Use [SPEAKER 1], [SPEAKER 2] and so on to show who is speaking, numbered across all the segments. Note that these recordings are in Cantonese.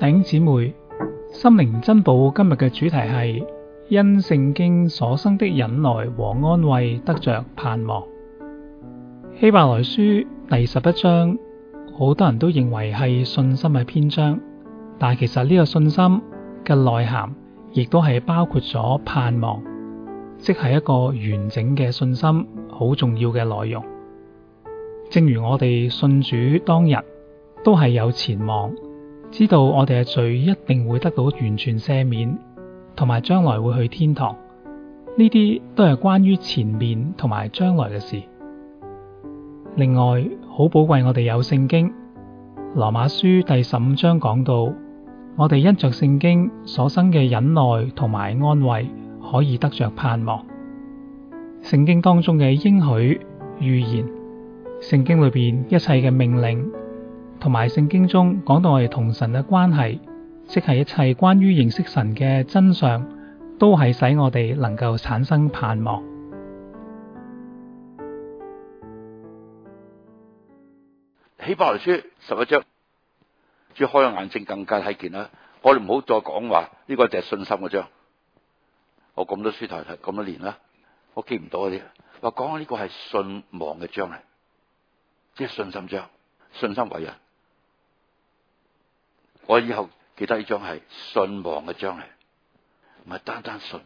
[SPEAKER 1] 弟兄姊妹，心靈珍寶今日嘅主題係因聖經所生的忍耐和安慰，得着盼望。希伯來書第十一章，好多人都認為係信心嘅篇章，但其實呢個信心嘅內涵，亦都係包括咗盼望，即係一個完整嘅信心好重要嘅內容。正如我哋信主當日，都係有前望。知道我哋嘅罪一定會得到完全赦免，同埋將來會去天堂，呢啲都係關於前面同埋將來嘅事。另外，好寶貴我哋有聖經。羅馬書第十五章講到，我哋因着聖經所生嘅忍耐同埋安慰，可以得着盼望。聖經當中嘅應許、預言、聖經裏邊一切嘅命令。同埋聖經中講到我哋同神嘅關係，即係一切關於認識神嘅真相，都係使我哋能夠產生盼望。
[SPEAKER 2] 希伯來書十一章，要開個眼睛更加睇見啦。我哋唔好再講話呢個就係信心嘅章。我咁多書台睇咁多年啦，我記唔到嗰啲。話講呢個係信望嘅章咧，即係信心章，信心偉人。我以後記得呢張係信望嘅章嚟，唔係單單信。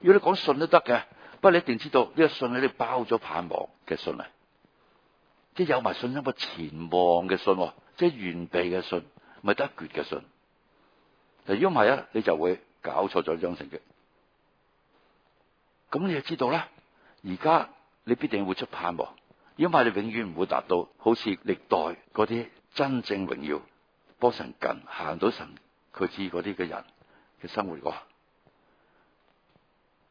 [SPEAKER 2] 如果你講信都得嘅，不過你一定知道呢個信喺度包咗盼望嘅信嚟，即係有埋信心個前望嘅信，即係完備嘅信，唔係得一橛嘅信。如果萬一你就會搞錯咗張成績，咁你就知道啦。而家你必定會出盼望，因為你永遠唔會達到好似歷代嗰啲。真正榮耀，波神近行到神佢知嗰啲嘅人嘅生活過。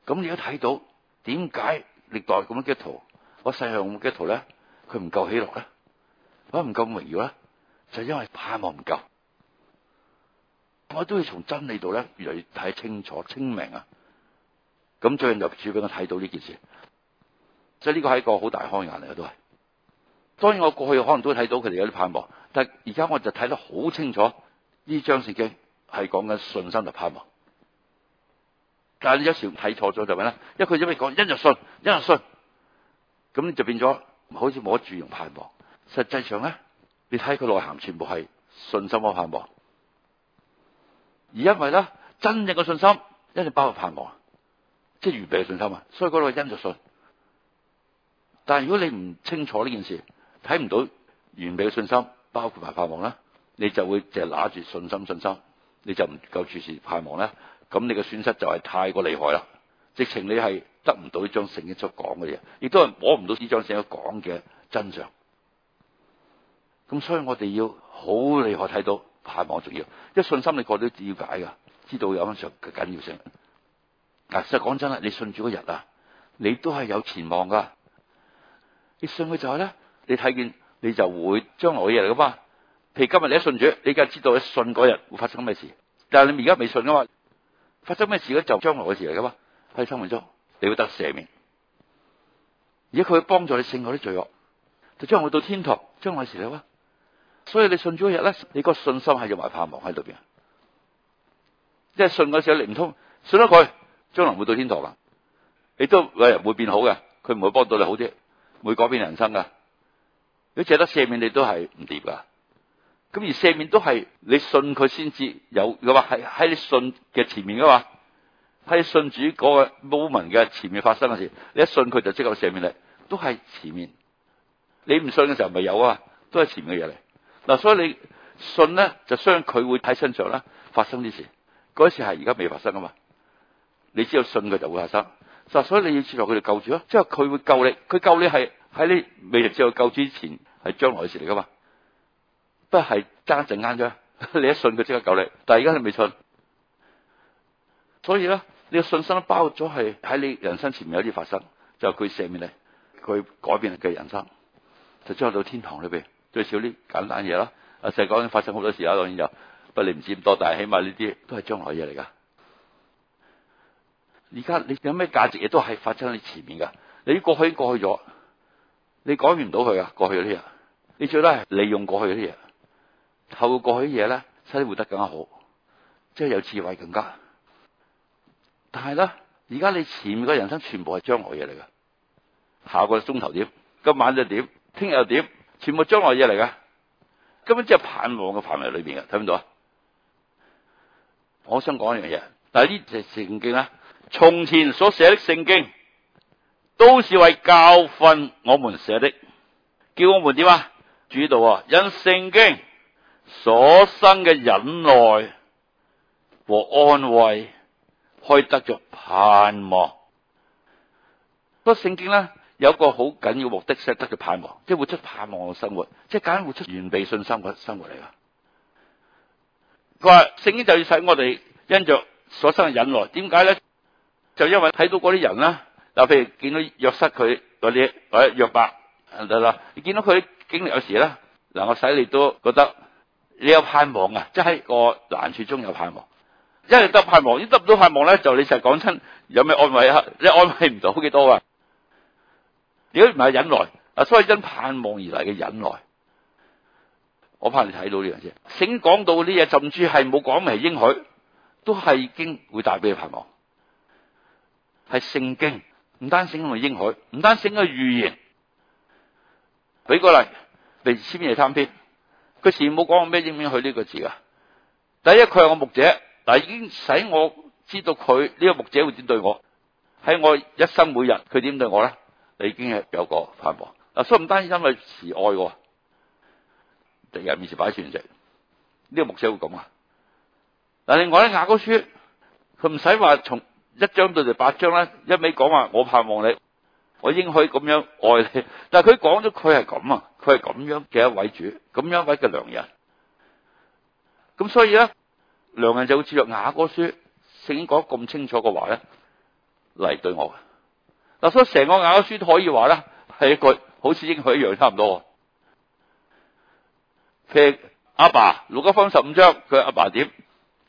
[SPEAKER 2] 咁而家睇到點解歷代咁基督徒？我細項嘅徒咧，佢唔夠喜樂咧，我唔夠榮耀咧，就因為盼望唔夠，我都要從真理度咧越嚟越睇清楚、清明啊！咁最近入主俾我睇到呢件事，即係呢個係一個好大開眼嚟嘅，都係。當然我過去可能都睇到佢哋有啲盼望。但而家我就睇得好清楚，呢章聖經係講緊信心同盼望。但係你有時睇錯咗就係咩咧？因為佢因為講因著信，因著信，咁就變咗唔好似冇得住，用盼望。實際上咧，你睇佢內涵全部係信心和盼望，而因為咧真正嘅信心一定包括盼望，即係完備嘅信心啊。所以嗰度係因著信。但係如果你唔清楚呢件事，睇唔到完備嘅信心。包括埋盼望啦，你就會淨係拿住信心信心，你就唔夠注視盼望啦。咁你嘅損失就係太過厲害啦。直情你係得唔到呢張聖經所講嘅嘢，亦都係摸唔到呢張聖經講嘅真相。咁所以我哋要好厲害睇到盼望重要，一信心你過都了解噶，知道有乜嘢嘅緊要性。嗱，實講真啦，你信主嗰日啊，你都係有前望噶。你信佢就係咧，你睇見。你就會將來嘅嘢嚟噶嘛。譬如今日你一信主，你梗係知道你信嗰日會發生咩事。但係你而家未信噶嘛。發生咩事咧，就將來嘅事嚟噶嘛？喺生命中你會得赦免，而家佢會幫助你勝過啲罪惡，就將來到天堂，將來嘅事嚟噶。所以你信咗嗰日咧，你個信心係有埋盼望喺度邊。即係信嗰時，你唔通信咗佢，將來會到天堂啦？你都誒會變好嘅，佢唔會幫到你好啲，會改變人生噶。你借得赦免你都係唔掂噶，咁而赦免都係你信佢先至有，㗎話喺喺你信嘅前面噶嘛，喺信主嗰個 moment 嘅前面發生嘅事，你一信佢就即刻赦免你，都係前面。你唔信嘅時候咪有啊，都係前面嘅嘢嚟。嗱，所以你信咧就相信佢會喺身上啦，發生啲事，嗰一次係而家未發生啊嘛。你只有信佢就會發生，就所以你要接受佢哋救住囉。即係佢會救你，佢救你係。喺你未接受救之前，係將來嘅事嚟噶嘛？不係爭一陣間啫，你一信佢即刻救你。但係而家你未信，所以咧，你嘅信心包咗係喺你人生前面有啲發生，就佢赦免你，佢改變你嘅人生，就將來到天堂裏邊。最少啲簡單嘢啦，啊，成日講發生好多事啦，當然就，不過你唔知咁多，但係起碼呢啲都係將來嘢嚟噶。而家你有咩價值，亦都係發生喺你前面噶。你過去已經過去咗。你改變唔到佢啊！過去嗰啲嘢，你最多係利用過去嗰啲嘢，透過過去啲嘢咧，使你活得更加好，即係有智慧更加。但係咧，而家你前面嘅人生全部係將來嘢嚟噶，下個鐘頭點，今晚就點，聽日又點，全部將來嘢嚟噶，根本只係盼望嘅範圍裏邊嘅，睇唔到啊！我想講一樣嘢，但係呢隻聖經啊，從前所寫嘅聖經。都是為教訓我們寫的，叫我們點啊？注意到啊，因聖經所生嘅忍耐和安慰，可以得着盼望。個聖經呢，有個好緊要的目的，即得咗盼望，即係活出盼望嘅生活，即係揀活出完備信心嘅生活嚟噶。佢話聖經就要使我哋因着所生嘅忍耐，點解咧？就因為睇到嗰啲人啦。嗱，譬如見到約瑟佢嗰啲，或約伯嗱，你見到佢經歷有時啦，嗱，我使你都覺得你有盼望啊，即係個難處中有盼望，因為得盼望，如得唔到盼望咧，就你實講親，有咩安慰啊？你安慰唔到幾多啊？如果唔係忍耐，嗱，所以因盼望而嚟嘅忍耐，我怕你睇到呢樣嘢，醒講到呢嘢甚至係冇講明應許，都係已經會帶俾你盼望，係聖經。唔單止用應許，唔單止個預言。俾個例，例如探《詩篇廿三篇》，佢全冇講過咩應許呢個字㗎。第一，佢係我牧者，但已經使我知道佢呢、呢個牧者會點對我。喺我一生每日，佢點對我咧？你已經係有個盼望。所以唔單止因為慈愛喎，第二，敵人面前擺筵席，呢個牧者會咁啊。嗱，另外呢，雅歌書，佢唔使話從。一章到就八章啦，一味講話我盼望你，我應該咁樣愛你。但係佢講咗佢係咁啊，佢係咁樣嘅一位主，咁樣一位嘅良人。咁所以咧，良人就好似照著雅歌書聖經講咁清楚嘅話咧嚟對我嘅。嗱，所以成個雅歌書都可以話咧係一句好似應許一樣差唔多。譬如阿爸，路加福音十五章，佢阿爸點？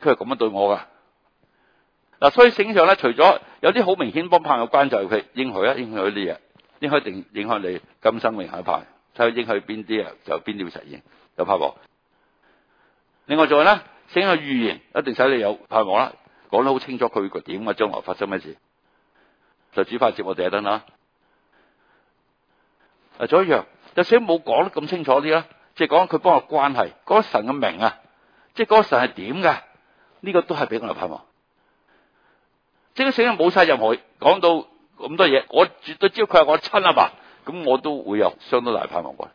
[SPEAKER 2] 佢係咁樣對我噶。嗱、啊，所以聖經上咧，除咗有啲好明顯盼望嘅關就係佢應許啊，應許呢啲嘢，應許一定影響你今生命嘅盼望，睇下應許邊啲啊，就邊啲會實現有盼望。另外仲有咧，聖經嘅預言一定使你有盼望啦，講得好清楚佢個點啊，將來發生咩事，就主發接我哋一陣啦。啊，仲有一樣有時冇講得咁清楚啲啦，即係講佢幫我關係，講、嗰個、神嘅名啊，即係嗰神係點嘅，呢、呢個都係俾我哋盼望。即係聖經冇晒任何講到咁多嘢，我絕對只要佢係我親阿爸，咁我都會有相當大盼望嘅。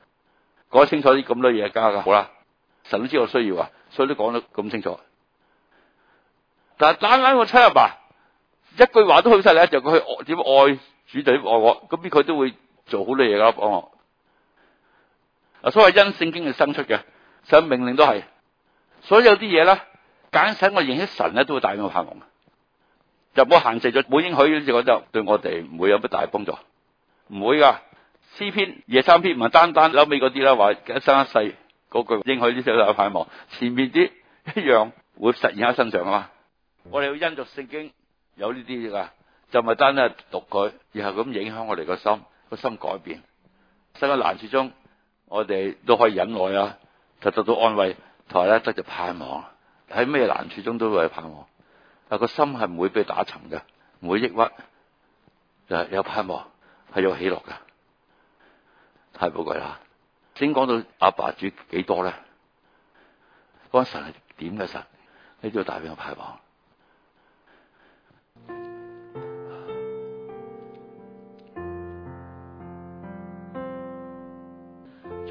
[SPEAKER 2] 講清楚啲，咁多嘢加噶，好啦，神都知道我需要啊，所以都講得咁清楚。但係單單我親阿爸一句話都好犀利，就佢點愛，愛主就點愛我，咁邊佢都會做好多嘢噶幫我。所以因聖經而生出嘅神命令都係，所有啲嘢咧，即使我認識神咧，都會帶俾我盼望。就冇限制咗，冇應許呢啲嘢，覺得對我哋唔會有乜大幫助，唔會噶。詩篇廿三篇唔係單單後尾嗰啲啦，話一生一世嗰句應許呢就係盼望，前面啲一樣會實現喺身上啊嘛。我哋要因着聖經有呢啲嘢噶，就唔係單單讀佢，然後咁影響我哋個心，個心改變。生喺難處中，我哋都可以忍耐啊，就得到安慰。同埋咧，得就盼望。喺咩難處中都會盼望。但個心係唔會被打沉噶，唔會抑鬱，就係有盼望，係有喜樂噶。太寶貴啦！先講到阿爸煮幾多咧？嗰神係點嘅神？呢啲大餅有盼望。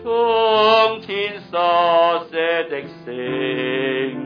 [SPEAKER 2] 從前所寫的聖。